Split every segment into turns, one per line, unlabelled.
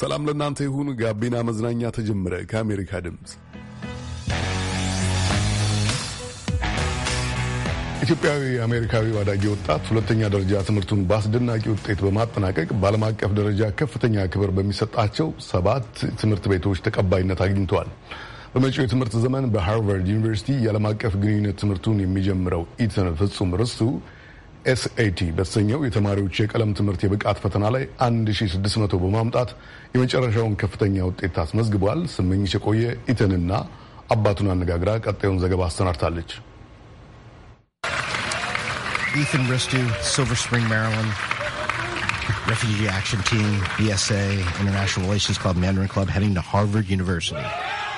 ሰላም ለእናንተ ይሁን። ጋቢና መዝናኛ ተጀመረ። ከአሜሪካ ድምፅ ኢትዮጵያዊ አሜሪካዊ አዳጊ ወጣት ሁለተኛ ደረጃ ትምህርቱን በአስደናቂ ውጤት በማጠናቀቅ በዓለም አቀፍ ደረጃ ከፍተኛ ክብር በሚሰጣቸው ሰባት ትምህርት ቤቶች ተቀባይነት አግኝተዋል። በመጪው የትምህርት ዘመን በሃርቫርድ ዩኒቨርሲቲ የዓለም አቀፍ ግንኙነት ትምህርቱን የሚጀምረው ኢትን ፍጹም ርስቱ ኤስኤቲ በተሰኘው የተማሪዎች የቀለም ትምህርት የብቃት ፈተና ላይ 1600 በማምጣት የመጨረሻውን ከፍተኛ ውጤት አስመዝግቧል። ስመኝሽ የቆየ ኢተንና አባቱን አነጋግራ ቀጣዩን ዘገባ አሰናድታለች።
ኢተን ርስቱ ሲልቨር ስፕሪንግ
refugee action team bsa e international relations club mandarin club heading to
harvard university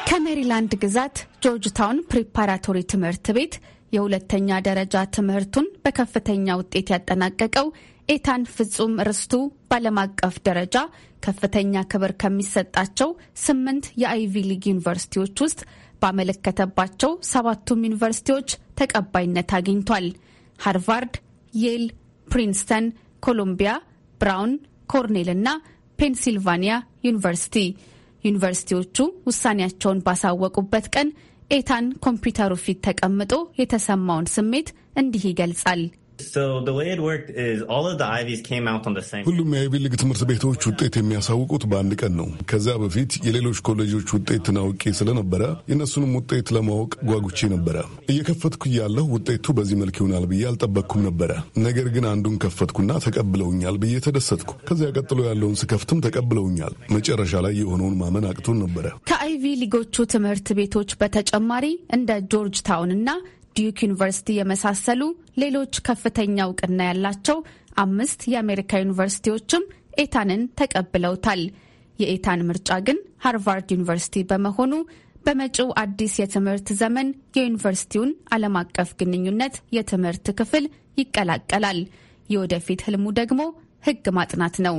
ከሜሪላንድ ግዛት ጆርጅታውን ፕሪፓራቶሪ ትምህርት ቤት የሁለተኛ ደረጃ ትምህርቱን በከፍተኛ ውጤት ያጠናቀቀው ኤታን ፍጹም ርስቱ በዓለም አቀፍ ደረጃ ከፍተኛ ክብር ከሚሰጣቸው ስምንት የአይቪ ሊግ ዩኒቨርሲቲዎች ውስጥ ባመለከተባቸው ሰባቱም ዩኒቨርሲቲዎች ተቀባይነት አግኝቷል። ሃርቫርድ፣ ዬል፣ ፕሪንስተን፣ ኮሎምቢያ፣ ብራውን፣ ኮርኔል እና ፔንሲልቫኒያ ዩኒቨርሲቲ ዩኒቨርሲቲዎቹ ውሳኔያቸውን ባሳወቁበት ቀን ኤታን ኮምፒውተሩ ፊት ተቀምጦ የተሰማውን ስሜት እንዲህ ይገልጻል።
ሁሉም የአይቪ ሊግ ትምህርት ቤቶች ውጤት የሚያሳውቁት በአንድ ቀን ነው። ከዚያ በፊት የሌሎች ኮሌጆች ውጤትን አውቄ ስለነበረ የእነሱንም ውጤት ለማወቅ ጓጉቼ ነበረ። እየከፈትኩ እያለሁ ውጤቱ በዚህ መልክ ይሆናል ብዬ አልጠበቅኩም ነበረ። ነገር ግን አንዱን ከፈትኩና ተቀብለውኛል ብዬ ተደሰትኩ። ከዚያ ቀጥሎ ያለውን ስከፍትም ተቀብለውኛል። መጨረሻ ላይ የሆነውን ማመን አቅቶን ነበረ።
ከአይቪ ሊጎቹ ትምህርት ቤቶች በተጨማሪ እንደ ጆርጅ ታውን እና ዲዩክ ዩኒቨርሲቲ የመሳሰሉ ሌሎች ከፍተኛ እውቅና ያላቸው አምስት የአሜሪካ ዩኒቨርሲቲዎችም ኤታንን ተቀብለውታል። የኤታን ምርጫ ግን ሃርቫርድ ዩኒቨርሲቲ በመሆኑ በመጪው አዲስ የትምህርት ዘመን የዩኒቨርሲቲውን ዓለም አቀፍ ግንኙነት የትምህርት ክፍል ይቀላቀላል። የወደፊት ህልሙ ደግሞ ህግ ማጥናት ነው።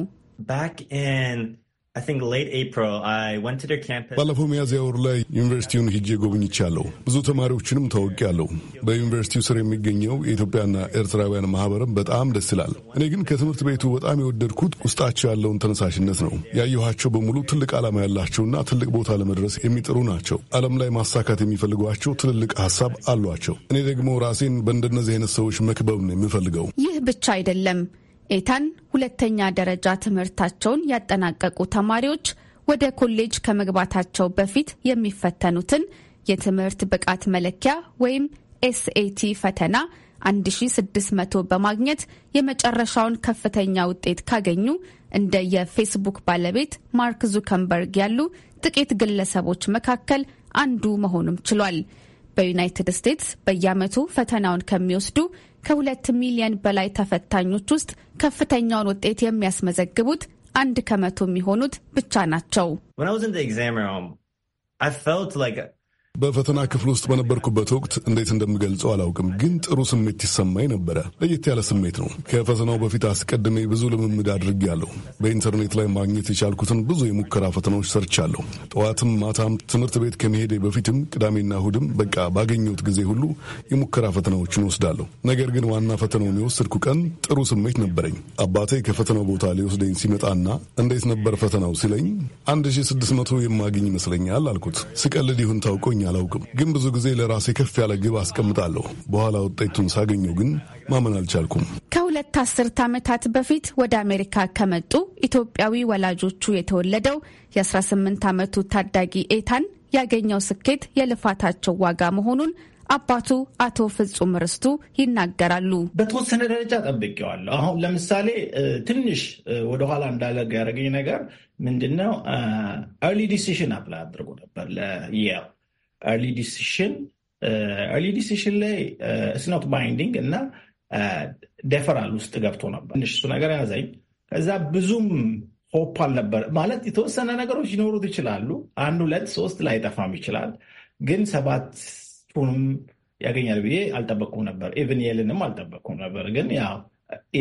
ባለፈው ሚያዝያ ወር ላይ ዩኒቨርሲቲውን ሂጄ ጎብኝቻለሁ። ብዙ ተማሪዎችንም ታውቂያለሁ። በዩኒቨርሲቲው ስር የሚገኘው የኢትዮጵያና ኤርትራውያን ማህበርም በጣም ደስ ይላል። እኔ ግን ከትምህርት ቤቱ በጣም የወደድኩት ውስጣቸው ያለውን ተነሳሽነት ነው። ያየኋቸው በሙሉ ትልቅ ዓላማ ያላቸውና ትልቅ ቦታ ለመድረስ የሚጥሩ ናቸው። ዓለም ላይ ማሳካት የሚፈልጓቸው ትልልቅ ሀሳብ አሏቸው። እኔ ደግሞ ራሴን በእንደነዚህ አይነት ሰዎች መክበብ ነው የምፈልገው።
ይህ ብቻ አይደለም። ኤታን ሁለተኛ ደረጃ ትምህርታቸውን ያጠናቀቁ ተማሪዎች ወደ ኮሌጅ ከመግባታቸው በፊት የሚፈተኑትን የትምህርት ብቃት መለኪያ ወይም ኤስኤቲ ፈተና 1600 በማግኘት የመጨረሻውን ከፍተኛ ውጤት ካገኙ እንደ የፌስቡክ ባለቤት ማርክ ዙከንበርግ ያሉ ጥቂት ግለሰቦች መካከል አንዱ መሆኑም ችሏል። በዩናይትድ ስቴትስ በየዓመቱ ፈተናውን ከሚወስዱ ከሁለት ሚሊየን በላይ ተፈታኞች ውስጥ ከፍተኛውን ውጤት የሚያስመዘግቡት አንድ ከመቶ የሚሆኑት ብቻ ናቸው።
በፈተና ክፍል ውስጥ በነበርኩበት ወቅት እንዴት እንደምገልጸው አላውቅም፣ ግን ጥሩ ስሜት ይሰማኝ ነበረ። ለየት ያለ ስሜት ነው። ከፈተናው በፊት አስቀድሜ ብዙ ልምምድ አድርጌያለሁ። በኢንተርኔት ላይ ማግኘት የቻልኩትን ብዙ የሙከራ ፈተናዎች ሰርቻለሁ። ጠዋትም ማታም፣ ትምህርት ቤት ከመሄዴ በፊትም፣ ቅዳሜና እሁድም፣ በቃ ባገኘሁት ጊዜ ሁሉ የሙከራ ፈተናዎችን ወስዳለሁ። ነገር ግን ዋና ፈተናውን የወሰድኩ ቀን ጥሩ ስሜት ነበረኝ። አባቴ ከፈተናው ቦታ ሊወስደኝ ሲመጣና እንዴት ነበር ፈተናው ሲለኝ 1600 የማገኝ ይመስለኛል አልኩት። ስቀልድ ይሁን ታውቆኝ ገጥሞኝ አላውቅም፣ ግን ብዙ ጊዜ ለራሴ ከፍ ያለ ግብ አስቀምጣለሁ። በኋላ ውጤቱን ሳገኘው ግን ማመን አልቻልኩም።
ከሁለት አስርት ዓመታት በፊት ወደ አሜሪካ ከመጡ ኢትዮጵያዊ ወላጆቹ የተወለደው የ18 ዓመቱ ታዳጊ ኤታን ያገኘው ስኬት የልፋታቸው ዋጋ መሆኑን አባቱ አቶ ፍጹም ርስቱ ይናገራሉ።
በተወሰነ ደረጃ ጠብቄዋለሁ። አሁን ለምሳሌ ትንሽ ወደኋላ እንዳለግ ያደረገኝ ነገር ምንድነው? ኤርሊ ዲሲሽን አፕላይ አድርጎ ነበር ለየው ኤርሊ ዲሲሽን ኤርሊ ዲሲሽን ላይ ስኖት uh, ባይንዲንግ እና ደፈራል uh, ውስጥ ገብቶ ነበር። ትንሽ እሱ ነገር ያዘኝ። ከዛ ብዙም ሆፕ አልነበር ማለት የተወሰነ ነገሮች ሊኖሩት ይችላሉ። አንድ ሁለት ሶስት ላይ ጠፋም ይችላል፣ ግን ሰባቱንም ያገኛል ብዬ አልጠበቅኩም ነበር። ኢቭን የልንም አልጠበቅኩም ነበር። ግን ያው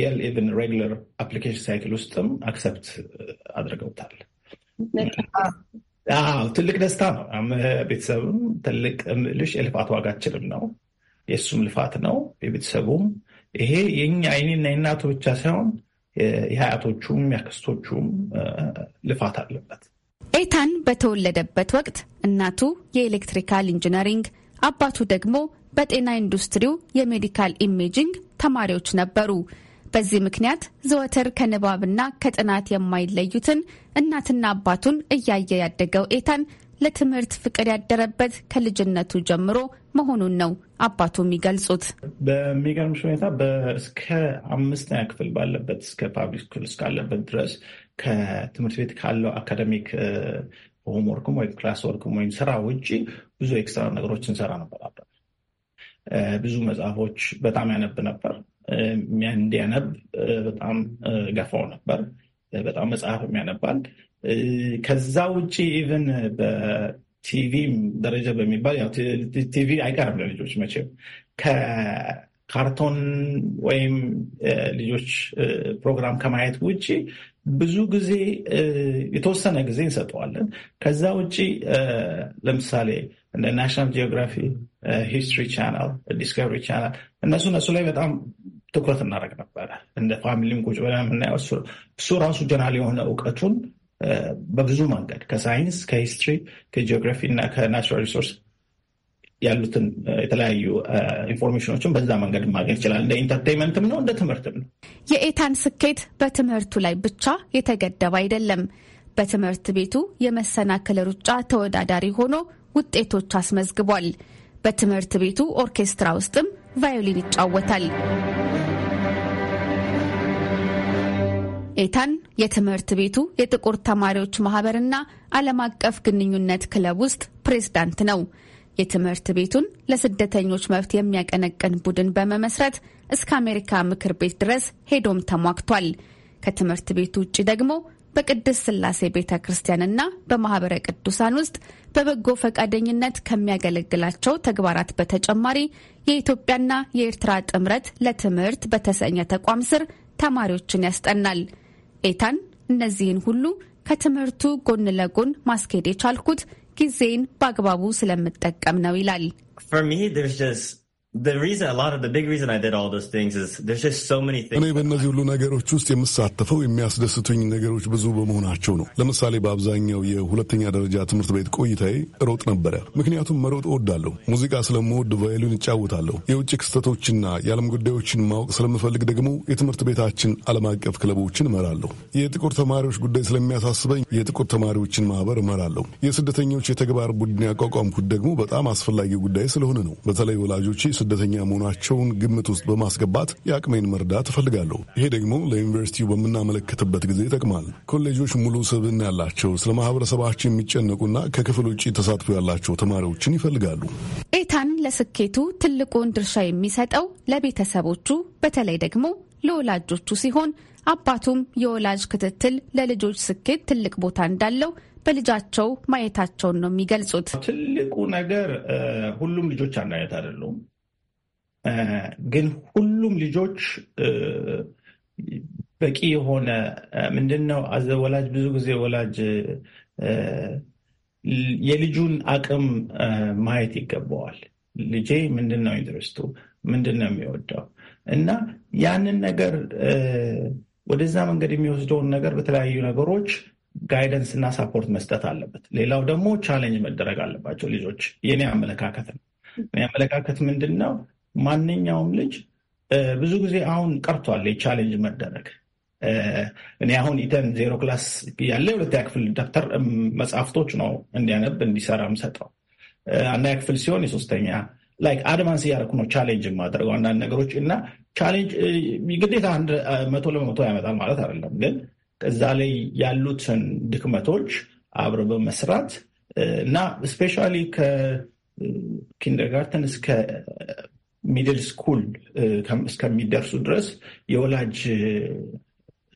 ኤል ኢቭን ሬግለር አፕሊኬሽን ሳይክል ውስጥም አክሰፕት uh, አድርገውታል። ትልቅ ደስታ ነው። ቤተሰብም ትልቅ ልሽ የልፋት ዋጋችንም ነው። የእሱም ልፋት ነው፣ የቤተሰቡም ይሄ የኛ የኔና የእናቱ ብቻ ሳይሆን የሀያቶቹም ያክስቶቹም ልፋት አለበት።
ኤታን በተወለደበት ወቅት እናቱ የኤሌክትሪካል ኢንጂነሪንግ፣ አባቱ ደግሞ በጤና ኢንዱስትሪው የሜዲካል ኢሜጂንግ ተማሪዎች ነበሩ። በዚህ ምክንያት ዘወትር ከንባብና ከጥናት የማይለዩትን እናትና አባቱን እያየ ያደገው ኤታን ለትምህርት ፍቅር ያደረበት ከልጅነቱ ጀምሮ መሆኑን ነው አባቱ የሚገልጹት።
በሚገርምሽ ሁኔታ እስከ አምስተኛ ክፍል ባለበት እስከ ፓብሊክ ስኩል እስካለበት ድረስ ከትምህርት ቤት ካለው አካደሚክ ሆምወርክም ወይም ክላስ ወርክም ወይም ስራ ውጭ ብዙ ኤክስትራ ነገሮች እንሰራ ነበር። ብዙ መጽሐፎች በጣም ያነብ ነበር። እንዲያነብ በጣም ገፋው ነበር። በጣም መጽሐፍ የሚያነባል። ከዛ ውጭ ኢቨን በቲቪ ደረጃ በሚባል ቲቪ አይቀርም ለልጆች መቼም ከካርቶን ወይም ልጆች ፕሮግራም ከማየት ውጭ ብዙ ጊዜ የተወሰነ ጊዜ እንሰጠዋለን። ከዛ ውጭ ለምሳሌ እንደ ናሽናል ጂኦግራፊ፣ ሂስትሪ ቻናል፣ ዲስከቨሪ ቻናል እነሱ እነሱ ላይ በጣም ትኩረት እናደርግ ነበረ። እንደ ፋሚሊም ቁጭ ብለን የምናየው እሱ ራሱ ጀነራል የሆነ እውቀቱን uh, በብዙ መንገድ ከሳይንስ ከሂስትሪ፣ ከጂኦግራፊ እና ከናቹራል ሪሶርስ ያሉትን uh, የተለያዩ uh, ኢንፎርሜሽኖችን በዛ መንገድ ማግኘት ይችላል። እንደ ኢንተርቴንመንትም ነው እንደ ትምህርትም ነው።
የኤታን ስኬት በትምህርቱ ላይ ብቻ የተገደበ አይደለም። በትምህርት ቤቱ የመሰናክል ሩጫ ተወዳዳሪ ሆኖ ውጤቶች አስመዝግቧል። በትምህርት ቤቱ ኦርኬስትራ ውስጥም ቫዮሊን ይጫወታል። ኤታን የትምህርት ቤቱ የጥቁር ተማሪዎች ማህበርና ዓለም አቀፍ ግንኙነት ክለብ ውስጥ ፕሬዝዳንት ነው። የትምህርት ቤቱን ለስደተኞች መብት የሚያቀነቅን ቡድን በመመስረት እስከ አሜሪካ ምክር ቤት ድረስ ሄዶም ተሟግቷል። ከትምህርት ቤቱ ውጭ ደግሞ በቅድስት ስላሴ ቤተ ክርስቲያንና በማህበረ ቅዱሳን ውስጥ በበጎ ፈቃደኝነት ከሚያገለግላቸው ተግባራት በተጨማሪ የኢትዮጵያና የኤርትራ ጥምረት ለትምህርት በተሰኘ ተቋም ስር ተማሪዎችን ያስጠናል። ኤታን እነዚህን ሁሉ ከትምህርቱ ጎን ለጎን ማስኬድ የቻልኩት ጊዜን በአግባቡ ስለምጠቀም ነው ይላል።
እኔ
በእነዚህ ሁሉ ነገሮች ውስጥ የምሳተፈው የሚያስደስቱኝ ነገሮች ብዙ በመሆናቸው ነው። ለምሳሌ በአብዛኛው የሁለተኛ ደረጃ ትምህርት ቤት ቆይታዬ ሮጥ ነበረ። ምክንያቱም መሮጥ እወዳለሁ። ሙዚቃ ስለምወድ ቫዮሊን እጫወታለሁ። የውጭ ክስተቶችና የዓለም ጉዳዮችን ማወቅ ስለምፈልግ ደግሞ የትምህርት ቤታችን ዓለም አቀፍ ክለቦችን እመራለሁ። የጥቁር ተማሪዎች ጉዳይ ስለሚያሳስበኝ የጥቁር ተማሪዎችን ማህበር እመራለሁ። የስደተኞች የተግባር ቡድን ያቋቋምኩት ደግሞ በጣም አስፈላጊ ጉዳይ ስለሆነ ነው። በተለይ ወላጆች ስደተኛ መሆናቸውን ግምት ውስጥ በማስገባት የአቅሜን መርዳት እፈልጋለሁ። ይሄ ደግሞ ለዩኒቨርሲቲው በምናመለከትበት ጊዜ ይጠቅማል። ኮሌጆች ሙሉ ስብዕና ያላቸው ስለ ማህበረሰባቸው የሚጨነቁና ከክፍል ውጭ ተሳትፎ ያላቸው ተማሪዎችን ይፈልጋሉ።
ኤታን ለስኬቱ ትልቁን ድርሻ የሚሰጠው ለቤተሰቦቹ በተለይ ደግሞ ለወላጆቹ ሲሆን አባቱም የወላጅ ክትትል ለልጆች ስኬት ትልቅ ቦታ እንዳለው በልጃቸው ማየታቸውን ነው የሚገልጹት።
ትልቁ ነገር ሁሉም ልጆች አንድ አይነት አይደሉም። ግን ሁሉም ልጆች በቂ የሆነ ምንድን ነው ወላጅ ብዙ ጊዜ ወላጅ የልጁን አቅም ማየት ይገባዋል። ልጄ ምንድን ነው ኢንትረስቱ፣ ምንድን ነው የሚወደው እና ያንን ነገር ወደዛ መንገድ የሚወስደውን ነገር በተለያዩ ነገሮች ጋይደንስ እና ሳፖርት መስጠት አለበት። ሌላው ደግሞ ቻለንጅ መደረግ አለባቸው ልጆች። የኔ አመለካከት ነው። የኔ አመለካከት ምንድን ነው ማንኛውም ልጅ ብዙ ጊዜ አሁን ቀርቷል የቻሌንጅ መደረግ። እኔ አሁን ኢተን ዜሮ ክላስ ያለ ሁለተኛ ክፍል ደብተር መጽሐፍቶች ነው እንዲያነብ እንዲሰራ ሰጠው አንደኛ ክፍል ሲሆን የሶስተኛ ላይክ አድቫንስ እያደረኩ ነው ቻሌንጅ የማደርገው አንዳንድ ነገሮች እና ቻሌንጅ ግዴታ መቶ ለመቶ ያመጣል ማለት አይደለም፣ ግን እዛ ላይ ያሉትን ድክመቶች አብረ በመስራት እና ስፔሻሊ ከኪንደርጋርተን እስከ ሚድል ስኩል እስከሚደርሱ ድረስ የወላጅ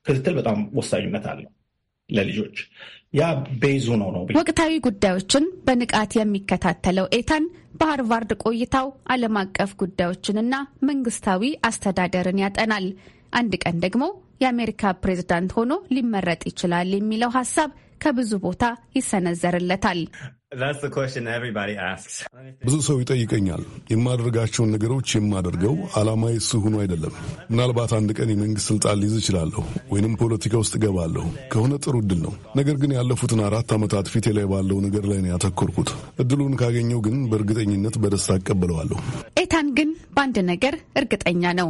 ክትትል በጣም ወሳኝነት አለው ለልጆች። ያ ቤዙ ነው ነው
ወቅታዊ ጉዳዮችን በንቃት የሚከታተለው ኤታን በሃርቫርድ ቆይታው ዓለም አቀፍ ጉዳዮችንና መንግስታዊ አስተዳደርን ያጠናል። አንድ ቀን ደግሞ የአሜሪካ ፕሬዝዳንት ሆኖ ሊመረጥ ይችላል የሚለው ሀሳብ ከብዙ ቦታ ይሰነዘርለታል።
ብዙ ሰው ይጠይቀኛል። የማደርጋቸውን ነገሮች የማደርገው ዓላማዬ የሱ ሆኖ አይደለም። ምናልባት አንድ ቀን የመንግሥት ሥልጣን ሊይዝ እችላለሁ ወይንም ፖለቲካ ውስጥ እገባለሁ ከሆነ ጥሩ እድል ነው። ነገር ግን ያለፉትን አራት ዓመታት ፊቴ ላይ ባለው ነገር ላይ ነው ያተኮርኩት። እድሉን ካገኘው ግን በእርግጠኝነት በደስታ አቀብለዋለሁ።
ኤታን ግን በአንድ ነገር እርግጠኛ ነው።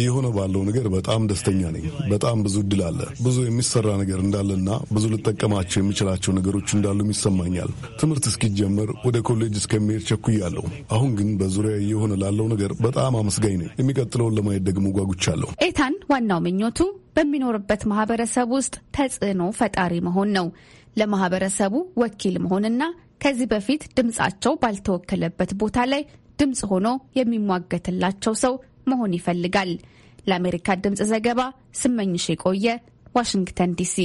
እየሆነ ባለው ነገር በጣም ደስተኛ ነኝ። በጣም ብዙ እድል አለ፣ ብዙ የሚሰራ ነገር እንዳለና ብዙ ልጠቀማቸው የሚችላቸው ነገሮች እንዳሉም ይሰማኛል። ትምህርት እስኪጀመር ወደ ኮሌጅ እስከሚሄድ ቸኩያለሁ። አሁን ግን በዙሪያ እየሆነ ላለው ነገር በጣም አመስጋኝ ነኝ። የሚቀጥለውን ለማየት ደግሞ ጓጉቻለሁ።
ኤታን ዋናው ምኞቱ በሚኖርበት ማህበረሰብ ውስጥ ተጽዕኖ ፈጣሪ መሆን ነው። ለማህበረሰቡ ወኪል መሆንና ከዚህ በፊት ድምጻቸው ባልተወከለበት ቦታ ላይ ድምፅ ሆኖ የሚሟገትላቸው ሰው መሆን ይፈልጋል። ለአሜሪካ ድምፅ ዘገባ ስመኝሽ የቆየ ዋሽንግተን ዲሲ።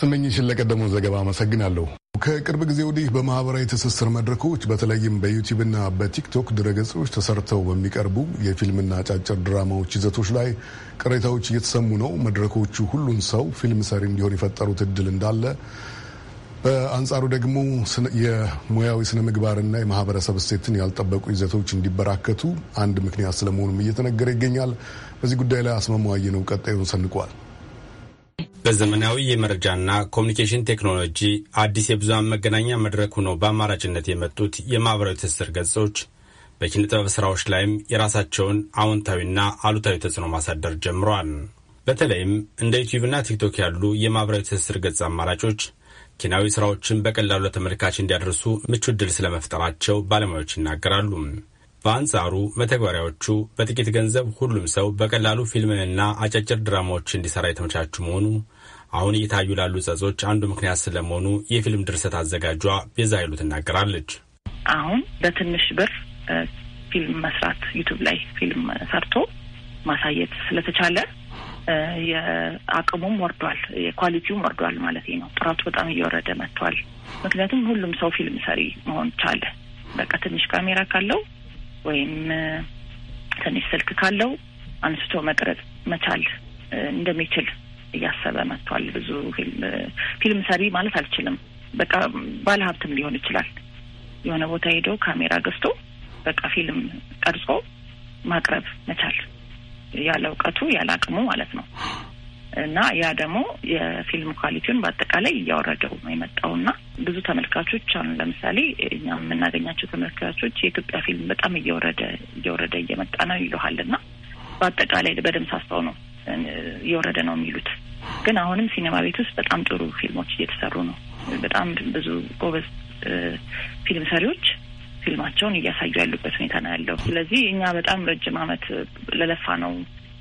ስመኝሽን ለቀደመው ዘገባ አመሰግናለሁ። ከቅርብ ጊዜ ወዲህ በማህበራዊ ትስስር መድረኮች በተለይም በዩቲዩብና በቲክቶክ ድረገጾች ተሰርተው በሚቀርቡ የፊልምና አጫጭር ድራማዎች ይዘቶች ላይ ቅሬታዎች እየተሰሙ ነው። መድረኮቹ ሁሉን ሰው ፊልም ሰሪ እንዲሆን የፈጠሩት እድል እንዳለ በአንጻሩ ደግሞ የሙያዊ ስነ ምግባርና የማህበረሰብ እሴትን ያልጠበቁ ይዘቶች እንዲበራከቱ አንድ ምክንያት ስለመሆኑም እየተነገረ ይገኛል። በዚህ ጉዳይ ላይ አስማማው አየነው ቀጣዩን ሰንቋል።
በዘመናዊ የመረጃና ኮሚኒኬሽን ቴክኖሎጂ አዲስ የብዙሃን መገናኛ መድረክ ሆነው በአማራጭነት የመጡት የማህበራዊ ትስስር ገጾች በኪነ ጥበብ ስራዎች ላይም የራሳቸውን አዎንታዊና አሉታዊ ተጽዕኖ ማሳደር ጀምረዋል። በተለይም እንደ ዩቲዩብና ቲክቶክ ያሉ የማህበራዊ ትስስር ገጽ አማራጮች ኪናዊ ስራዎችን በቀላሉ ለተመልካች እንዲያደርሱ ምቹ ድል ስለመፍጠራቸው ባለሙያዎች ይናገራሉ። በአንጻሩ መተግበሪያዎቹ በጥቂት ገንዘብ ሁሉም ሰው በቀላሉ ፊልምንና አጫጭር ድራማዎች እንዲሠራ የተመቻቹ መሆኑ አሁን እየታዩ ላሉ ጸጾች አንዱ ምክንያት ስለመሆኑ የፊልም ድርሰት አዘጋጇ ቤዛ ኃይሉ ትናገራለች።
አሁን በትንሽ ብር ፊልም መስራት ዩቱብ ላይ ፊልም ሰርቶ ማሳየት ስለተቻለ የአቅሙም ወርዷል፣ የኳሊቲውም ወርዷል ማለት ነው። ጥራቱ በጣም እየወረደ መጥቷል። ምክንያቱም ሁሉም ሰው ፊልም ሰሪ መሆን ቻለ። በቃ ትንሽ ካሜራ ካለው ወይም ትንሽ ስልክ ካለው አንስቶ መቅረጽ መቻል እንደሚችል እያሰበ መጥቷል። ብዙ ፊልም ፊልም ሰሪ ማለት አልችልም፣ በቃ ባለሀብትም ሊሆን ይችላል። የሆነ ቦታ ሄዶ ካሜራ ገዝቶ በቃ ፊልም ቀርጾ ማቅረብ መቻል ያለ እውቀቱ ያለ አቅሙ ማለት ነው። እና ያ ደግሞ የፊልም ኳሊቲውን በአጠቃላይ እያወረደው ነው የመጣውና ብዙ ተመልካቾች አሁን ለምሳሌ እኛ የምናገኛቸው ተመልካቾች የኢትዮጵያ ፊልም በጣም እየወረደ እየወረደ እየመጣ ነው ይለሃል። እና በአጠቃላይ በደምብ ሳስተው ነው እየወረደ ነው የሚሉት። ግን አሁንም ሲኔማ ቤት ውስጥ በጣም ጥሩ ፊልሞች እየተሰሩ ነው። በጣም ብዙ ጎበዝ ፊልም ሰሪዎች ፊልማቸውን እያሳዩ ያሉበት ሁኔታ ነው ያለው። ስለዚህ እኛ በጣም ረጅም ዓመት ለለፋ ነው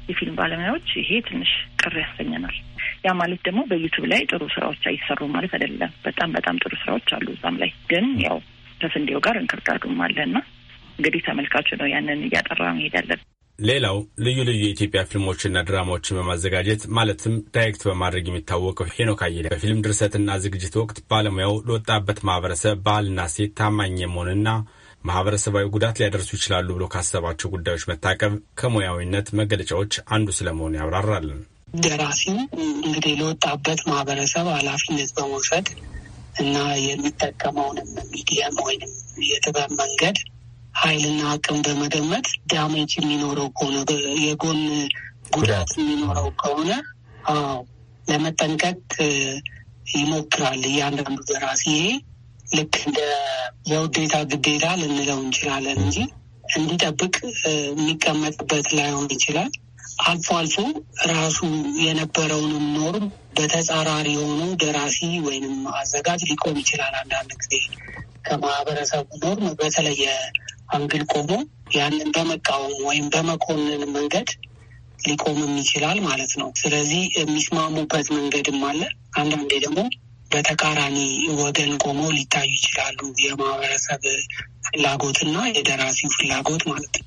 የፊልም ባለሙያዎች ይሄ ትንሽ ቅር ያሰኘናል። ያ ማለት ደግሞ በዩቱብ ላይ ጥሩ ስራዎች አይሰሩ ማለት አይደለም። በጣም በጣም ጥሩ ስራዎች አሉ እዛም ላይ ግን ያው ከስንዴው ጋር እንክርዳዱም አለና እንግዲህ ተመልካቹ ነው ያንን እያጠራ መሄድ ያለብን።
ሌላው ልዩ ልዩ የኢትዮጵያ ፊልሞችና ድራማዎችን በማዘጋጀት ማለትም ዳይሬክት በማድረግ የሚታወቀው ሄኖክ አየለ በፊልም ድርሰትና ዝግጅት ወቅት ባለሙያው ለወጣበት ማህበረሰብ ባህልና ሴት ታማኝ የመሆንና ማህበረሰባዊ ጉዳት ሊያደርሱ ይችላሉ ብሎ ካሰባቸው ጉዳዮች መታቀብ ከሙያዊነት መገለጫዎች አንዱ ስለመሆኑ ያብራራል።
ደራሲ እንግዲህ ለወጣበት ማህበረሰብ ኃላፊነት በመውሰድ እና የሚጠቀመውንም ሚዲየም ወይም የጥበብ መንገድ ኃይልና አቅም በመገመት ዳሜጅ የሚኖረው ከሆነ የጎን ጉዳት የሚኖረው ከሆነ ለመጠንቀቅ ይሞክራል እያንዳንዱ ደራሲ። ይሄ ልክ እንደ የውዴታ ግዴታ ልንለው እንችላለን እንጂ እንዲጠብቅ የሚቀመጥበት ላይሆን ይችላል። አልፎ አልፎ ራሱ የነበረውንም ኖርም በተጻራሪ የሆኑ ደራሲ ወይንም አዘጋጅ ሊቆም ይችላል። አንዳንድ ጊዜ ከማህበረሰቡ ኖርም በተለየ አንግል ቆሞ ያንን በመቃወም ወይም በመኮንን መንገድ ሊቆምም ይችላል ማለት ነው። ስለዚህ የሚስማሙበት መንገድም አለ። አንዳንዴ ደግሞ በተቃራኒ ወገን ቆሞ ሊታዩ ይችላሉ። የማህበረሰብ ፍላጎትና የደራሲው ፍላጎት ማለት ነው።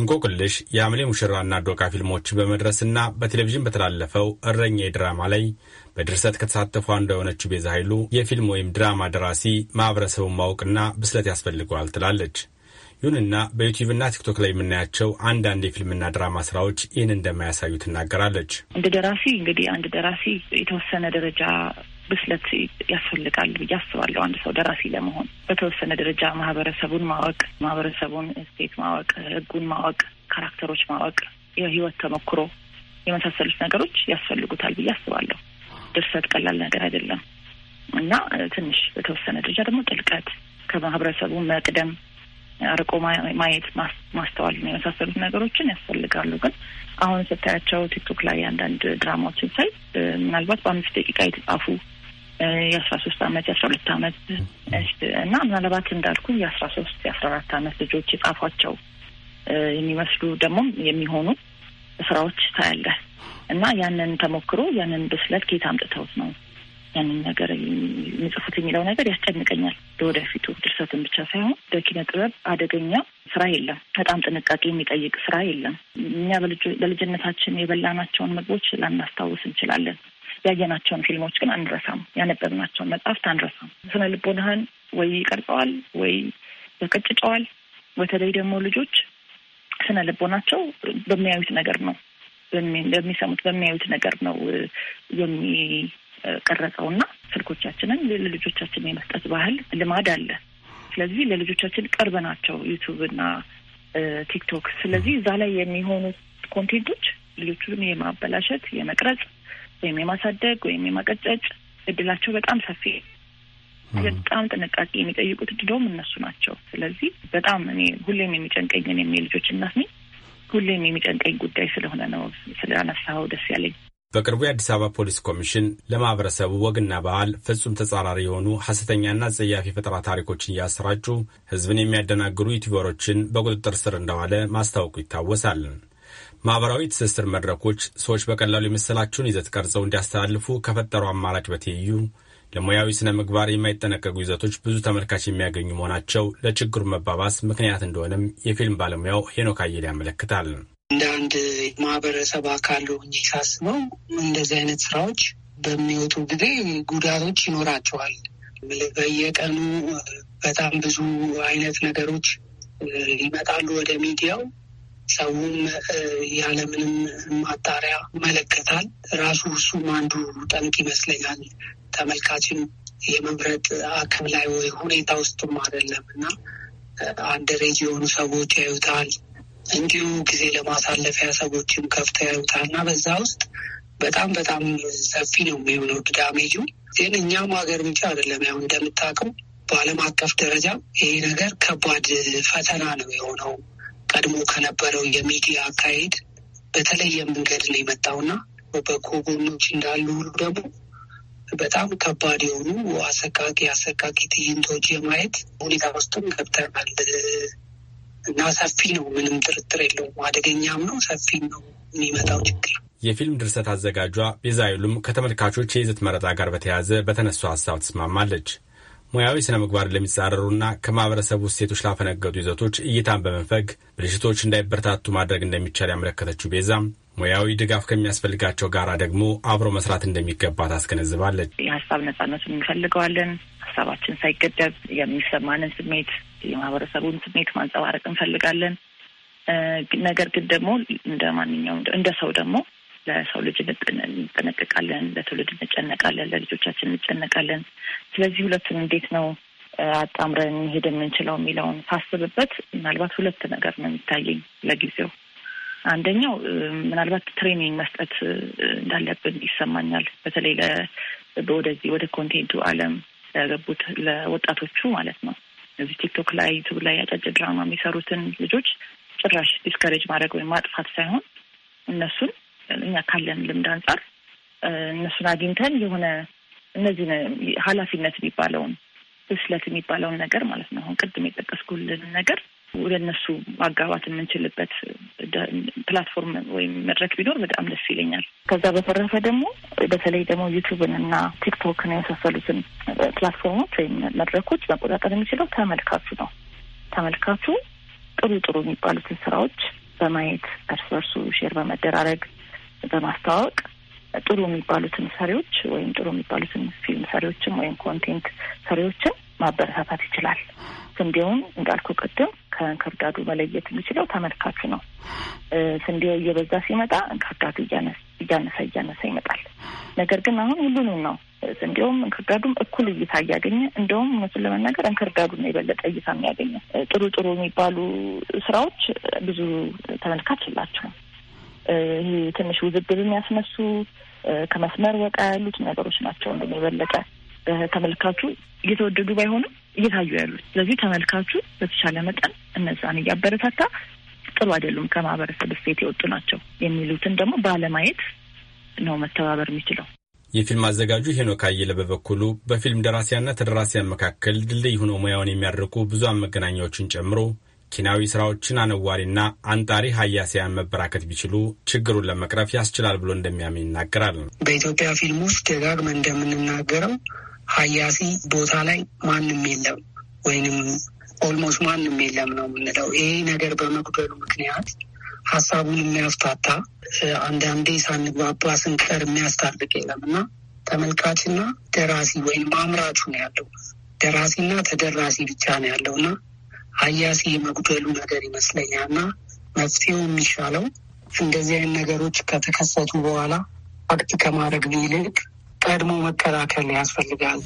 እንቆቅልሽ፣ የአምሌ ሙሽራና ዶቃ ፊልሞች በመድረስና በቴሌቪዥን በተላለፈው እረኛ ድራማ ላይ በድርሰት ከተሳተፉ አንዷ የሆነችው ቤዛ ኃይሉ የፊልም ወይም ድራማ ደራሲ ማህበረሰቡን ማወቅና ብስለት ያስፈልገዋል ትላለች። ይሁንና በዩቲዩብና ቲክቶክ ላይ የምናያቸው አንዳንድ የፊልምና ድራማ ስራዎች ይህን እንደማያሳዩ ትናገራለች።
እንደ ደራሲ እንግዲህ አንድ ደራሲ የተወሰነ ደረጃ ብስለት ያስፈልጋል ብዬ አስባለሁ። አንድ ሰው ደራሲ ለመሆን በተወሰነ ደረጃ ማህበረሰቡን ማወቅ፣ ማህበረሰቡን ስቴት ማወቅ፣ ህጉን ማወቅ፣ ካራክተሮች ማወቅ፣ የህይወት ተሞክሮ የመሳሰሉት ነገሮች ያስፈልጉታል ብዬ አስባለሁ። ድርሰት ቀላል ነገር አይደለም እና ትንሽ በተወሰነ ደረጃ ደግሞ ጥልቀት ከማህበረሰቡ መቅደም አርቆ ማየት ማስተዋል የመሳሰሉት ነገሮችን ያስፈልጋሉ። ግን አሁን ስታያቸው ቲክቶክ ላይ አንዳንድ ድራማዎችን ሳይ ምናልባት በአምስት ደቂቃ የተጻፉ የአስራ ሶስት አመት የአስራ ሁለት አመት እና ምናልባት እንዳልኩ የአስራ ሶስት የአስራ አራት አመት ልጆች የጻፏቸው የሚመስሉ ደግሞ የሚሆኑ ስራዎች ታያለህ እና ያንን ተሞክሮ ያንን ብስለት ከየት አምጥተውት ነው ያንን ነገር የሚጽፉት የሚለው ነገር ያስጨንቀኛል። ለወደፊቱ ድርሰትን ብቻ ሳይሆን በኪነ ጥበብ አደገኛ ስራ የለም። በጣም ጥንቃቄ የሚጠይቅ ስራ የለም። እኛ በልጅነታችን የበላናቸውን ምግቦች ላናስታውስ እንችላለን። ያየናቸውን ፊልሞች ግን አንረሳም። ያነበብናቸውን መጽሐፍት አንረሳም። ስነ ልቦናህን ወይ ይቀርጸዋል ወይ ያቀጭጨዋል። በተለይ ደግሞ ልጆች ስነ ልቦናቸው በሚያዩት ነገር ነው በሚሰሙት በሚያዩት ነገር ነው ቀረጸውና ስልኮቻችንን ለልጆቻችን የመስጠት ባህል ልማድ አለ። ስለዚህ ለልጆቻችን ቅርብ ናቸው ዩቱብ እና ቲክቶክ። ስለዚህ እዛ ላይ የሚሆኑ ኮንቴንቶች ልጆቹን የማበላሸት የመቅረጽ ወይም የማሳደግ ወይም የማቀጨጭ እድላቸው በጣም ሰፊ በጣም ጥንቃቄ የሚጠይቁት ድዶም እነሱ ናቸው። ስለዚህ በጣም እኔ ሁሌም የሚጨንቀኝን የሚ ልጆች እናት ነኝ። ሁሌም የሚጨንቀኝ ጉዳይ ስለሆነ ነው ስላነሳኸው ደስ ያለኝ።
በቅርቡ የአዲስ አበባ ፖሊስ ኮሚሽን ለማህበረሰቡ ወግና ባህል ፍጹም ተጻራሪ የሆኑ ሐሰተኛና አጸያፊ የፈጠራ ታሪኮችን እያሰራጩ ህዝብን የሚያደናግሩ ዩቲዩበሮችን በቁጥጥር ስር እንደዋለ ማስታወቁ ይታወሳል። ማህበራዊ ትስስር መድረኮች ሰዎች በቀላሉ የመሰላቸውን ይዘት ቀርጸው እንዲያስተላልፉ ከፈጠሩ አማራጭ በትይዩ ለሙያዊ ስነ ምግባር የማይጠነቀቁ ይዘቶች ብዙ ተመልካች የሚያገኙ መሆናቸው ለችግሩ መባባስ ምክንያት እንደሆነም የፊልም ባለሙያው ሄኖክ አየለ ያመለክታል።
እንደ አንድ ማህበረሰብ አካል ሆኜ ሳስበው እንደዚህ አይነት ስራዎች በሚወጡ ጊዜ ጉዳቶች ይኖራቸዋል። በየቀኑ በጣም ብዙ አይነት ነገሮች ይመጣሉ ወደ ሚዲያው። ሰውም ያለምንም ማጣሪያ ይመለከታል። ራሱ እሱም አንዱ ጠንቅ ይመስለኛል። ተመልካችን የመምረጥ አክም ላይ ወይ ሁኔታ ውስጥም አይደለም እና አንድ ሬጅ የሆኑ ሰዎች ያዩታል እንዲሁ ጊዜ ለማሳለፊያ ሰዎችም ከፍተው ያዩታልና በዛ ውስጥ በጣም በጣም ሰፊ ነው የሚሆነው ድዳሜጁ ግን እኛም ሀገር ብቻ አይደለም ያው እንደምታውቀው በአለም አቀፍ ደረጃ ይሄ ነገር ከባድ ፈተና ነው የሆነው። ቀድሞ ከነበረው የሚዲያ አካሄድ በተለየ መንገድ ነው የመጣውና በጎ ጎኖች እንዳሉ ሁሉ ደግሞ በጣም ከባድ የሆኑ አሰቃቂ አሰቃቂ ትዕይንቶች የማየት ሁኔታ ውስጥም ገብተናል። እና ሰፊ ነው። ምንም ጥርጥር የለውም። አደገኛም ነው። ሰፊም ነው የሚመጣው ችግር።
የፊልም ድርሰት አዘጋጇ ቤዛ ይሉም ከተመልካቾች የይዘት መረጣ ጋር በተያያዘ በተነሱ ሀሳብ ትስማማለች። ሙያዊ ስነ ምግባር ለሚጻረሩና ከማህበረሰቡ እሴቶች ላፈነገጡ ይዘቶች እይታን በመንፈግ ብልሽቶች እንዳይበረታቱ ማድረግ እንደሚቻል ያመለከተችው ቤዛ ሙያዊ ድጋፍ ከሚያስፈልጋቸው ጋራ ደግሞ አብሮ መስራት እንደሚገባ ታስገነዝባለች።
የሀሳብ ነጻነቱን እንፈልገዋለን። ሀሳባችን ሳይገደብ የሚሰማንን ስሜት የማህበረሰቡን ስሜት ማንጸባረቅ እንፈልጋለን። ነገር ግን ደግሞ እንደ ማንኛውም እንደ ሰው ደግሞ ለሰው ልጅ እንጠነቀቃለን፣ ለትውልድ እንጨነቃለን፣ ለልጆቻችን እንጨነቃለን። ስለዚህ ሁለቱን እንዴት ነው አጣምረን መሄድ የምንችለው የሚለውን ሳስብበት ምናልባት ሁለት ነገር ነው የሚታየኝ ለጊዜው። አንደኛው ምናልባት ትሬኒንግ መስጠት እንዳለብን ይሰማኛል። በተለይ ወደዚህ ወደ ኮንቴንቱ ዓለም ያገቡት ለወጣቶቹ ማለት ነው። እዚህ ቲክቶክ ላይ ዩቱብ ላይ ያጫጭር ድራማ የሚሰሩትን ልጆች ጭራሽ ዲስከሬጅ ማድረግ ወይም ማጥፋት ሳይሆን እነሱን እኛ ካለን ልምድ አንጻር እነሱን አግኝተን የሆነ እነዚህ ኃላፊነት የሚባለውን ብስለት የሚባለውን ነገር ማለት ነው አሁን ቅድም የጠቀስኩልን ነገር ወደ እነሱ ማጋባት የምንችልበት ፕላትፎርም ወይም መድረክ ቢኖር በጣም ደስ ይለኛል። ከዛ በተረፈ ደግሞ በተለይ ደግሞ ዩቱብን እና ቲክቶክን የመሳሰሉትን ፕላትፎርሞች ወይም መድረኮች መቆጣጠር የሚችለው ተመልካቹ ነው። ተመልካቹ ጥሩ ጥሩ የሚባሉትን ስራዎች በማየት እርስ በርሱ ሼር በመደራረግ በማስተዋወቅ ጥሩ የሚባሉትን ሰሪዎች ወይም ጥሩ የሚባሉትን ፊልም ሰሪዎችን ወይም ኮንቴንት ሰሪዎችን ማበረታታት ይችላል። እንዲሁም እንዳልኩ ቅድም ከእንክርዳዱ መለየት የሚችለው ተመልካቹ ነው። ስንዴው እየበዛ ሲመጣ እንክርዳዱ እያነሰ እያነሳ ይመጣል። ነገር ግን አሁን ሁሉንም ነው እንዲሁም እንክርዳዱም እኩል እይታ እያገኘ እንደውም እነሱን ለመናገር እንክርዳዱ ነው የበለጠ እይታ የሚያገኘ። ጥሩ ጥሩ የሚባሉ ስራዎች ብዙ ተመልካች የላቸውም። ይህ ትንሽ ውዝግብ የሚያስነሱ ከመስመር ወቃ ያሉት ነገሮች ናቸው እንደ የበለጠ ተመልካቹ እየተወደዱ ባይሆንም እየታዩ ያሉት። ስለዚህ ተመልካቹ በተቻለ መጠን እነዛን እያበረታታ ጥሩ አይደሉም፣ ከማህበረሰብ እሴት የወጡ ናቸው የሚሉትን ደግሞ ባለማየት ነው መተባበር የሚችለው።
የፊልም አዘጋጁ ሄኖክ አየለ በበኩሉ በፊልም ደራሲያና ተደራሲያን መካከል ድልድይ ሆኖ ሙያውን የሚያደርጉ ብዙሃን መገናኛዎችን ጨምሮ ኪናዊ ስራዎችን አነዋሪና አንጣሪ ሀያሲያን መበራከት ቢችሉ ችግሩን ለመቅረፍ ያስችላል ብሎ እንደሚያምን ይናገራል።
በኢትዮጵያ ፊልም ውስጥ ደጋግመን እንደምንናገረው ሀያሲ ቦታ ላይ ማንም የለም ወይንም ኦልሞስት ማንም የለም ነው የምንለው። ይሄ ነገር በመጉደሉ ምክንያት ሀሳቡን የሚያፍታታ አንዳንዴ ሳንግባባ ስንቀር የሚያስታርቅ የለም እና ተመልካችና ደራሲ ወይም አምራቹ ነው ያለው። ደራሲና ተደራሲ ብቻ ነው ያለው እና ሀያሲ የመጉደሉ ነገር ይመስለኛል እና መፍትሄው የሚሻለው እንደዚህ አይነት ነገሮች ከተከሰቱ በኋላ አክት ከማድረግ ይልቅ ቀድሞ መከላከል ያስፈልጋል።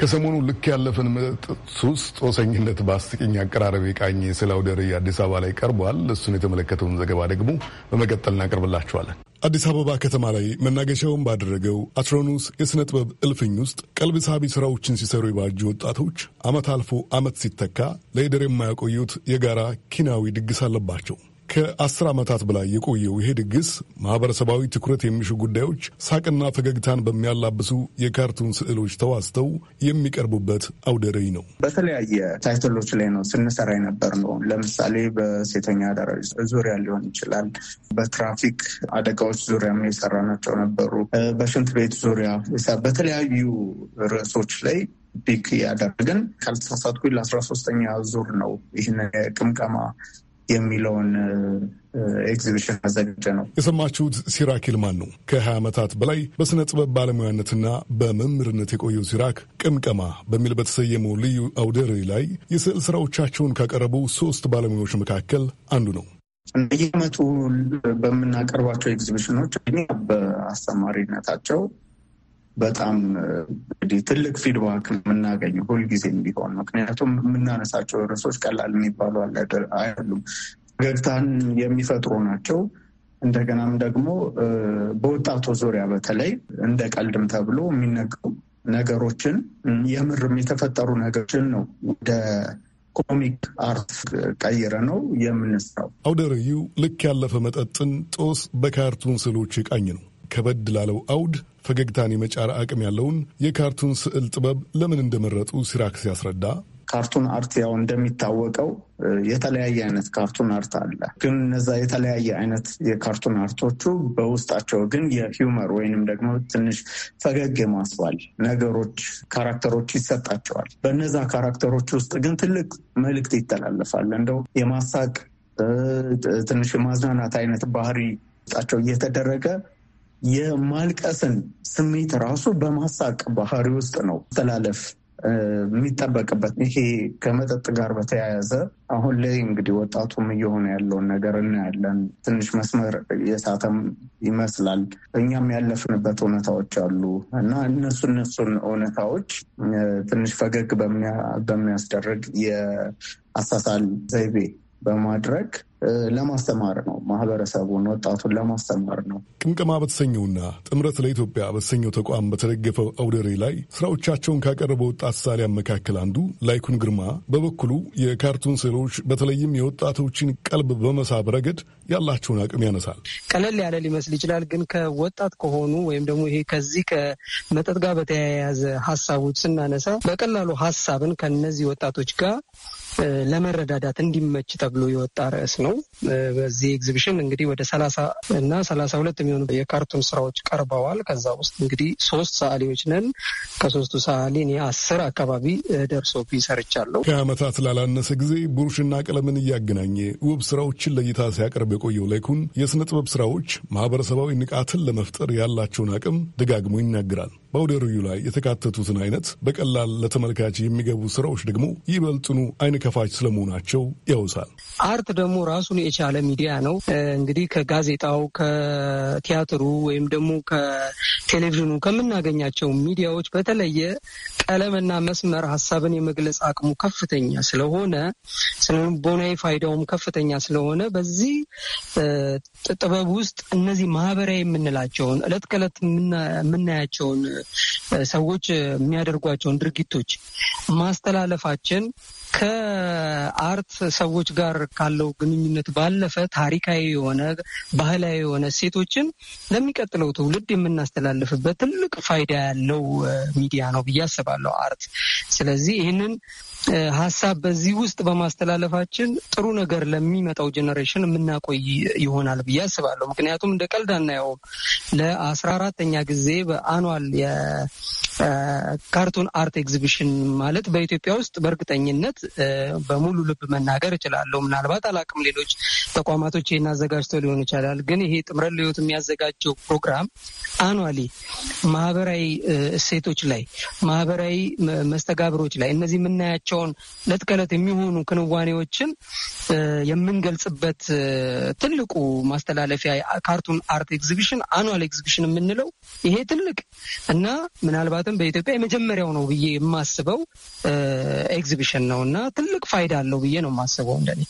ከሰሞኑ ልክ ያለፈን መጠጥ ሱስ፣ ጦሰኝነት በአስቂኝ አቀራረብ የቃኝ ስለ ደሬ አዲስ አበባ ላይ ቀርቧል። እሱን የተመለከተውን ዘገባ ደግሞ በመቀጠል እናቀርብላችኋለን። አዲስ አበባ ከተማ ላይ መናገሻውን ባደረገው አትሮኖስ የሥነ ጥበብ እልፍኝ ውስጥ ቀልብ ሳቢ ሥራዎችን ሲሰሩ የባጁ ወጣቶች ዓመት አልፎ ዓመት ሲተካ ለይደር የማያቆዩት የጋራ ኪናዊ ድግስ አለባቸው። ከአስር ዓመታት በላይ የቆየው ይሄ ድግስ ማኅበረሰባዊ ትኩረት የሚሹ ጉዳዮች ሳቅና ፈገግታን በሚያላብሱ የካርቱን ስዕሎች ተዋዝተው የሚቀርቡበት አውደ ርዕይ ነው።
በተለያየ ታይትሎች ላይ ነው ስንሰራ የነበር ነው። ለምሳሌ በሴተኛ አዳሪዎች ዙሪያ ሊሆን ይችላል። በትራፊክ አደጋዎች ዙሪያ የሰራናቸው ነበሩ። በሽንት ቤት ዙሪያ በተለያዩ ርዕሶች ላይ ፒክ ያደረግን ካልተሳሳትኩኝ ለአስራ ሶስተኛ ዙር ነው ይህን የቅምቀማ የሚለውን ኤግዚቢሽን አዘጋጀ ነው።
የሰማችሁት ሲራክ ይልማን ነው። ዓመታት በላይ በሥነ ጥበብ ባለሙያነትና በመምህርነት የቆየው ሲራክ ቅምቀማ በሚል በተሰየመው ልዩ አውደ ርዕይ ላይ የስዕል ስራዎቻቸውን ካቀረቡ ሶስት ባለሙያዎች መካከል አንዱ ነው።
በየዓመቱ በምናቀርባቸው ኤግዚቢሽኖች በአስተማሪነታቸው በጣም እንግዲህ ትልቅ ፊድባክ የምናገኝ ሁልጊዜ ቢሆን ምክንያቱም የምናነሳቸው ርዕሶች ቀላል የሚባሉ አይደሉም። ፈገግታን የሚፈጥሩ ናቸው። እንደገናም ደግሞ በወጣቱ ዙሪያ በተለይ እንደ ቀልድም ተብሎ የሚነገሩ ነገሮችን የምርም የተፈጠሩ ነገሮችን ነው ወደ ኮሚክ
አርት ቀይረ ነው የምንስራው። አውደ ርዕዩ ልክ ያለፈ መጠጥን ጦስ በካርቱን ስዕሎች የቃኝ ነው። ከበድ ላለው አውድ ፈገግታን የመጫር አቅም ያለውን የካርቱን ስዕል ጥበብ ለምን እንደመረጡ ሲራክስ ያስረዳ። ካርቱን አርት ያው እንደሚታወቀው
የተለያየ አይነት ካርቱን አርት አለ። ግን እነዛ የተለያየ አይነት የካርቱን አርቶቹ በውስጣቸው ግን የሂውመር ወይንም ደግሞ ትንሽ ፈገግ የማስባል ነገሮች ካራክተሮች ይሰጣቸዋል። በነዛ ካራክተሮች ውስጥ ግን ትልቅ መልእክት ይተላለፋል። እንደው የማሳቅ ትንሽ የማዝናናት አይነት ባህሪ ውስጣቸው እየተደረገ የማልቀስን ስሜት ራሱ በማሳቅ ባህሪ ውስጥ ነው መተላለፍ የሚጠበቅበት። ይሄ ከመጠጥ ጋር በተያያዘ አሁን ላይ እንግዲህ ወጣቱም እየሆነ ያለውን ነገር እናያለን። ትንሽ መስመር የሳተም ይመስላል። እኛም ያለፍንበት እውነታዎች አሉ እና እነሱ እነሱን እውነታዎች ትንሽ ፈገግ በሚያስደርግ የአሳሳል ዘይቤ በማድረግ ለማስተማር ነው። ማህበረሰቡን ወጣቱን
ለማስተማር ነው። ቅምቅማ በተሰኘውና ጥምረት ለኢትዮጵያ በተሰኘው ተቋም በተደገፈው አውደሬ ላይ ስራዎቻቸውን ካቀረበ ወጣት ሳሊያን መካከል አንዱ ላይኩን ግርማ በበኩሉ የካርቱን ስዕሎች በተለይም የወጣቶችን ቀልብ በመሳብ ረገድ ያላቸውን አቅም ያነሳል።
ቀለል ያለ ሊመስል ይችላል፣ ግን ከወጣት ከሆኑ ወይም ደግሞ ይሄ ከዚህ ከመጠጥ ጋር በተያያዘ ሀሳቦች ስናነሳ በቀላሉ ሀሳብን ከነዚህ ወጣቶች ጋር ለመረዳዳት እንዲመች ተብሎ የወጣ ርዕስ ነው። በዚህ ኤግዚቢሽን እንግዲህ ወደ ሰላሳ እና ሰላሳ ሁለት የሚሆኑ የካርቱን ስራዎች ቀርበዋል። ከዛ ውስጥ እንግዲህ ሶስት ሰዓሊዎች ነን። ከሶስቱ ሰዓሊ እኔ አስር አካባቢ ደርሶ ሰርቻለሁ።
ከአመታት ላላነሰ ጊዜ ብሩሽና ቀለምን እያገናኘ ውብ ስራዎችን ለእይታ ሲያቀርብ የቆየው ላይኩን የስነ ጥበብ ስራዎች ማህበረሰባዊ ንቃትን ለመፍጠር ያላቸውን አቅም ደጋግሞ ይናገራል። በአውደ ርዕዩ ላይ የተካተቱትን አይነት በቀላል ለተመልካች የሚገቡ ስራዎች ደግሞ ይበልጥኑ አይን ከፋች ስለመሆናቸው ያውሳል።
አርት ደግሞ ራሱን የቻለ ሚዲያ ነው። እንግዲህ ከጋዜጣው፣ ከቲያትሩ ወይም ደግሞ ከቴሌቪዥኑ ከምናገኛቸው ሚዲያዎች በተለየ ቀለምና መስመር ሀሳብን የመግለጽ አቅሙ ከፍተኛ ስለሆነ ስነልቦናዊ ፋይዳውም ከፍተኛ ስለሆነ በዚህ ጥበብ ውስጥ እነዚህ ማህበራዊ የምንላቸውን እለት ከእለት የምናያቸውን ሰዎች የሚያደርጓቸውን ድርጊቶች ማስተላለፋችን ከአርት ሰዎች ጋር ካለው ግንኙነት ባለፈ ታሪካዊ የሆነ ባህላዊ የሆነ እሴቶችን ለሚቀጥለው ትውልድ የምናስተላልፍበት ትልቅ ፋይዳ ያለው ሚዲያ ነው ብዬ አስባለሁ አርት። ስለዚህ ይህንን ሀሳብ በዚህ ውስጥ በማስተላለፋችን ጥሩ ነገር ለሚመጣው ጀኔሬሽን የምናቆይ ይሆናል ብዬ አስባለሁ። ምክንያቱም እንደ ቀልድ አናየውም። ለአስራ አራተኛ ጊዜ በአኗል የካርቱን አርት ኤግዚቢሽን ማለት በኢትዮጵያ ውስጥ በእርግጠኝነት በሙሉ ልብ መናገር እችላለሁ። ምናልባት አላቅም፣ ሌሎች ተቋማቶች ይህን አዘጋጅተው ሊሆን ይችላል። ግን ይሄ ጥምረት ለሕይወት የሚያዘጋጀው ፕሮግራም አኗሊ ማህበራዊ እሴቶች ላይ ማህበራዊ መስተጋብሮች ላይ እነዚህ የምናያቸውን ዕለት ከዕለት የሚሆኑ ክንዋኔዎችን የምንገልጽበት ትልቁ ማስተላለፊያ ካርቱን አርት ኤግዚቢሽን አኗል ኤግዚቢሽን የምንለው ይሄ ትልቅ እና ምናልባትም በኢትዮጵያ የመጀመሪያው ነው ብዬ የማስበው ኤግዚቢሽን ነው። እና ትልቅ ፋይዳ አለው ብዬ
ነው የማስበው እንደኔ።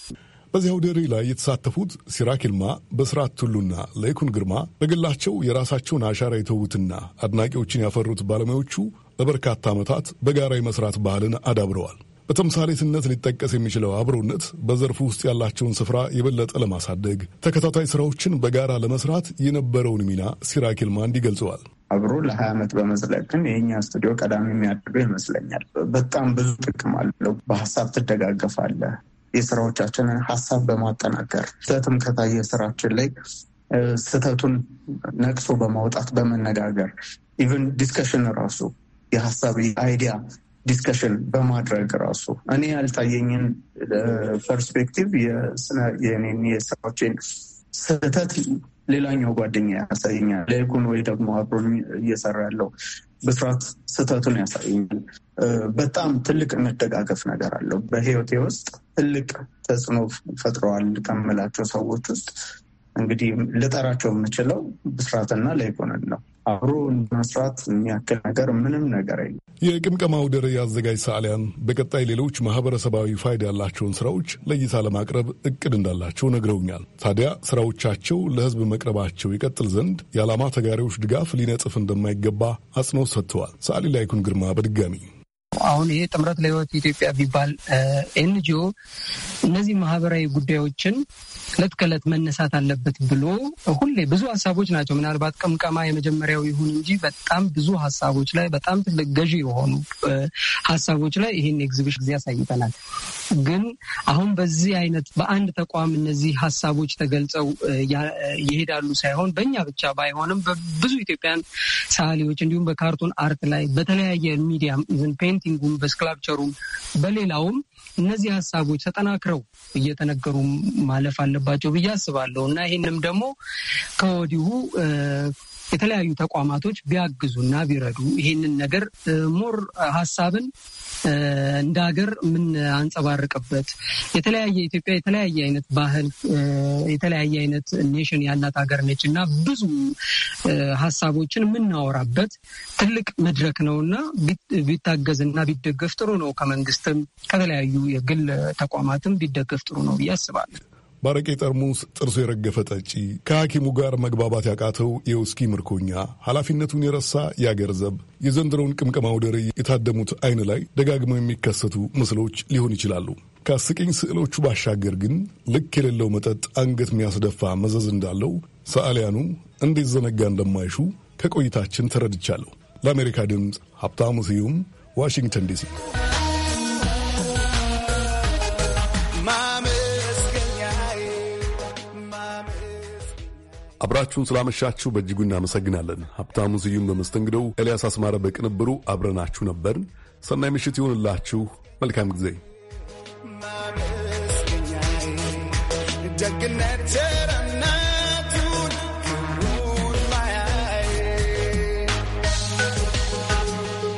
በዚያው ደሪ ላይ የተሳተፉት ሲራክ ይልማ፣ በስርዓት ቱሉና ለይኩን ግርማ በግላቸው የራሳቸውን አሻራ የተዉትና አድናቂዎችን ያፈሩት ባለሙያዎቹ ለበርካታ ዓመታት በጋራ የመስራት ባህልን አዳብረዋል። በተምሳሌትነት ሊጠቀስ የሚችለው አብሮነት በዘርፉ ውስጥ ያላቸውን ስፍራ የበለጠ ለማሳደግ ተከታታይ ስራዎችን በጋራ ለመስራት የነበረውን ሚና ሲራክ ይልማንድ ይገልጸዋል።
አብሮ ለሀያ ዓመት በመዝለቅ ግን የእኛ ስቱዲዮ ቀዳሚ የሚያደርገው ይመስለኛል። በጣም ብዙ ጥቅም አለው። በሀሳብ ትደጋገፋለ። የስራዎቻችንን ሀሳብ በማጠናከር ስህተትም ከታየ ስራችን ላይ ስህተቱን ነቅሶ በማውጣት በመነጋገር ኢቨን ዲስከሽን ራሱ የሀሳብ አይዲያ ዲስከሽን በማድረግ ራሱ እኔ ያልታየኝን ፐርስፔክቲቭ የስራዎችን ስህተት ሌላኛው ጓደኛ ያሳየኛል። ለይኩን ወይ ደግሞ አብሮኝ እየሰራ ያለው ብስራት ስህተቱን ያሳየኛል። በጣም ትልቅ መደጋገፍ ነገር አለው። በህይወቴ ውስጥ ትልቅ ተጽዕኖ ፈጥረዋል ከምላቸው ሰዎች ውስጥ እንግዲህ ልጠራቸው የምችለው ብስራትና ለይኩንን ነው። አብሮ መስራት የሚያክል ነገር ምንም ነገር
የለም። የቅምቀማ ውደር የአዘጋጅ ሰዓሊያን በቀጣይ ሌሎች ማህበረሰባዊ ፋይዳ ያላቸውን ስራዎች ለእይታ ለማቅረብ እቅድ እንዳላቸው ነግረውኛል። ታዲያ ስራዎቻቸው ለህዝብ መቅረባቸው ይቀጥል ዘንድ የዓላማ ተጋሪዎች ድጋፍ ሊነጥፍ እንደማይገባ አጽንኦት ሰጥተዋል። ሰዓሊ ላይኩን ግርማ በድጋሚ አሁን ይሄ ጥምረት ለህይወት ኢትዮጵያ ቢባል ኤንጂኦ
እነዚህ ማህበራዊ ጉዳዮችን እለት ከእለት መነሳት አለበት ብሎ ሁሌ ብዙ ሀሳቦች ናቸው። ምናልባት ቀምቀማ የመጀመሪያው ይሁን እንጂ በጣም ብዙ ሀሳቦች ላይ በጣም ትልቅ ገዢ የሆኑ ሀሳቦች ላይ ይህን ኤግዚቢሽን ጊዜ ያሳይተናል። ግን አሁን በዚህ አይነት በአንድ ተቋም እነዚህ ሀሳቦች ተገልጸው ይሄዳሉ ሳይሆን በእኛ ብቻ ባይሆንም በብዙ ኢትዮጵያን ሰዓሊዎች እንዲሁም በካርቱን አርት ላይ በተለያየ ሚዲያም ኢቨን ፔንት በራይቲንጉም በስክላፕቸሩም በሌላውም እነዚህ ሀሳቦች ተጠናክረው እየተነገሩ ማለፍ አለባቸው ብዬ አስባለሁ እና ይህንም ደግሞ ከወዲሁ የተለያዩ ተቋማቶች ቢያግዙና ቢረዱ ይህንን ነገር ሞር ሀሳብን እንደ ሀገር የምናንጸባርቅበት የተለያየ ኢትዮጵያ የተለያየ አይነት ባህል የተለያየ አይነት ኔሽን ያላት ሀገር ነች እና ብዙ ሀሳቦችን የምናወራበት ትልቅ መድረክ ነው እና ቢታገዝ እና ቢደገፍ ጥሩ ነው። ከመንግስትም ከተለያዩ የግል ተቋማትም
ቢደገፍ ጥሩ ነው ብዬ አስባለሁ። ባረቄ ጠርሙስ ጥርሶ የረገፈ ጠጪ፣ ከሐኪሙ ጋር መግባባት ያቃተው የውስኪ ምርኮኛ፣ ኃላፊነቱን የረሳ የአገር ዘብ፣ የዘንድሮውን ቅምቅማ ወደ የታደሙት አይን ላይ ደጋግመው የሚከሰቱ ምስሎች ሊሆን ይችላሉ። ከአስቂኝ ስዕሎቹ ባሻገር ግን ልክ የሌለው መጠጥ አንገት የሚያስደፋ መዘዝ እንዳለው ሰዓሊያኑ እንዴት ዘነጋ እንደማይሹ ከቆይታችን ተረድቻለሁ። ለአሜሪካ ድምፅ ሀብታሙ ስዩም ዋሽንግተን ዲሲ አብራችሁን ስላመሻችሁ በእጅጉ እናመሰግናለን። ሀብታሙ ስዩም በመስተንግደው፣ ኤልያስ አስማረ በቅንብሩ አብረናችሁ ነበርን። ሰናይ ምሽት ይሆንላችሁ። መልካም ጊዜ።